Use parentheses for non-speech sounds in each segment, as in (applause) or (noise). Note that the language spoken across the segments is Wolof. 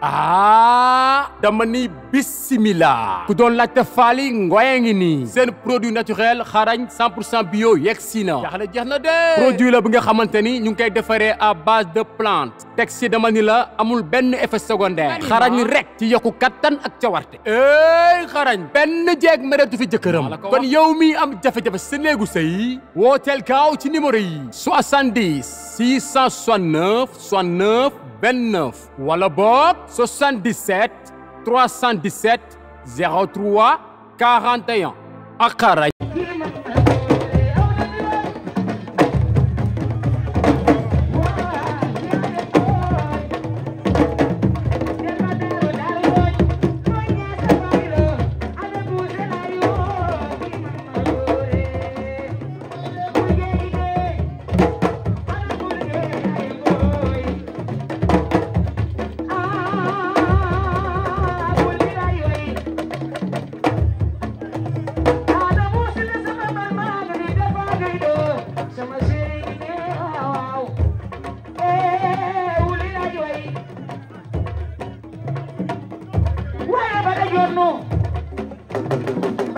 ah dama ni bisimila ku doon laajte faali ngoye ngi nii seen produit naturel xarañ 100 pour cent bio yegg si na jaaxle jeex na de produit la bu nga xamante ni ñu ngi koy defaree a base de plante teg si dama ni la amul benn effet secondaire xarañ rek ci yokku kattan ak cawarte éy xarañ benn jeeg mereetu fi jëkkëram kon yow mi am jafe-jafe se néegu sëy wooteel kaaw ci numéro yi 70 669 69 29 walla boog 77 317 03 41 ak xaaraj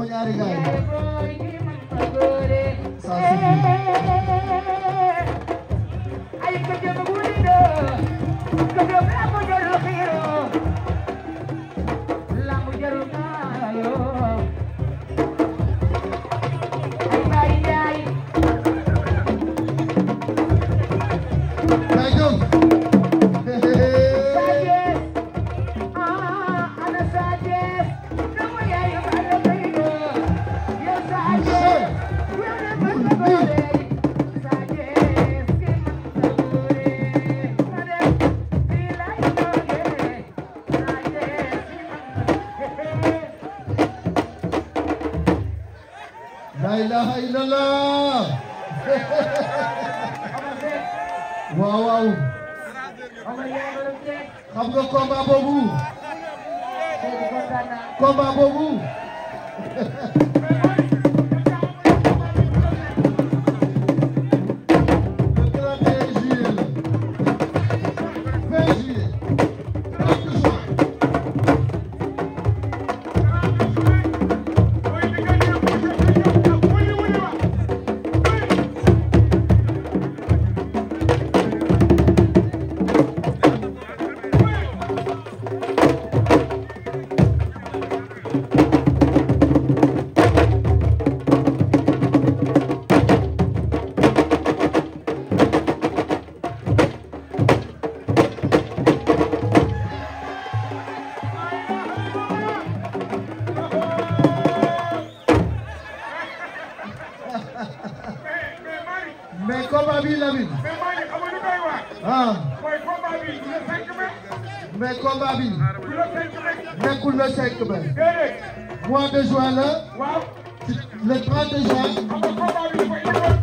sama ñaari gaay saa si ay ko jëm guuri do ko do ko jël xiro bismillah waaw waaw xam nga combat boobu combat boobu ah. mooy combat bi du le cinq mai. de juin la. waaw. le trente juin.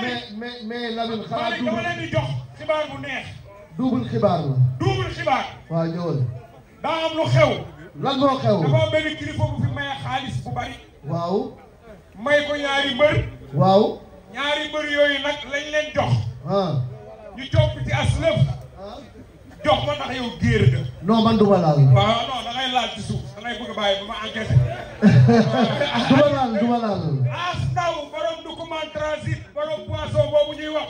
mais mais mais Lamine xanaa duubul dama leen di jox xibaar bu neex. duubul xibaar la. duubul xibaar. waaw ñëwal. daa lu xew. lan moo xew. dafa am bu fi maye xaalis ñaari mbër. waaw. ñaari mbër yooyu nag lañ leen jox. ah. ñu topp ci as lëf. Ah. jox ma ndax yow géer ga. non man du ma laal. waaw non da ngay laal ci suuf da ngay bëgg a bàyyi ba ma enquête. (laughs) du ma laal du ma laal. as ndaw borom boobu ñuy wax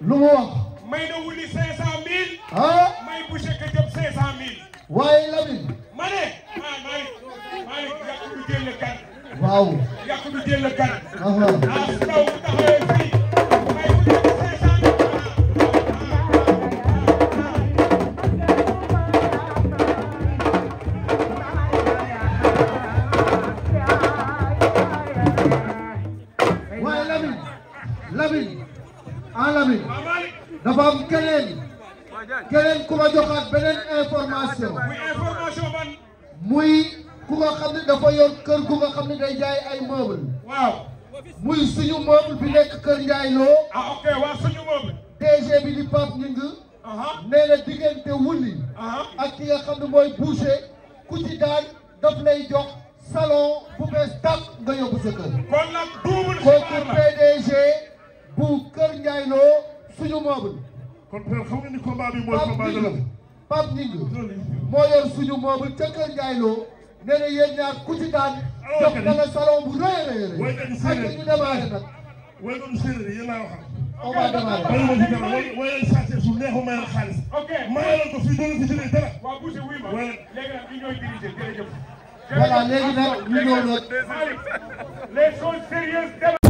lu mu wax. may na wuli cinq cent mille. ah. may Boucher ka jëm cinq cent mille. waaye Lamine. ma ne. ah Malick Malick yàqu du jël la kan. waaw. yàqu du la kan. ah. ah su taw bu taxawee. keneen ku ma joxaat beneen information. muy information ban. muy ku nga xam ne dafa yor kër gu nga xam ne day jaay ay meubles. muy suñu meuble bi nekk kër Ndiaye Lo. ah ok waaw suñu meuble. DG bi di Pape Ngingue. nee na diggante wulli. ak ki nga xam ne mooy boucher. ku ci daan daf lay jox salon bu bees tàq nga yóbbu sa kër. kon nag double bu kër Ndiaye Lo suñu meuble. kon père xam nga ni combat bi mooy combat de la Pape Ngingue moo yor suñu moomu ca Kër Ndiaye Lo nee na yéen ñaar ku ci daan jox na la salon bu rëy a rëy rëy. waaye dañu séeréer ñu démarré nag. waaye dañu séeréer yéen laa waxal. on va démarrer bala ma fi dara waaye waaye saa see suuf neexu may la xaalis. ok mayal ko fii doon fi jëlee dara. waaw bouse wuy ma léegi nag ñu ñooy dirigé jërëjëf. voilà léegi nag ñu ñëw nag. les choses sérieuses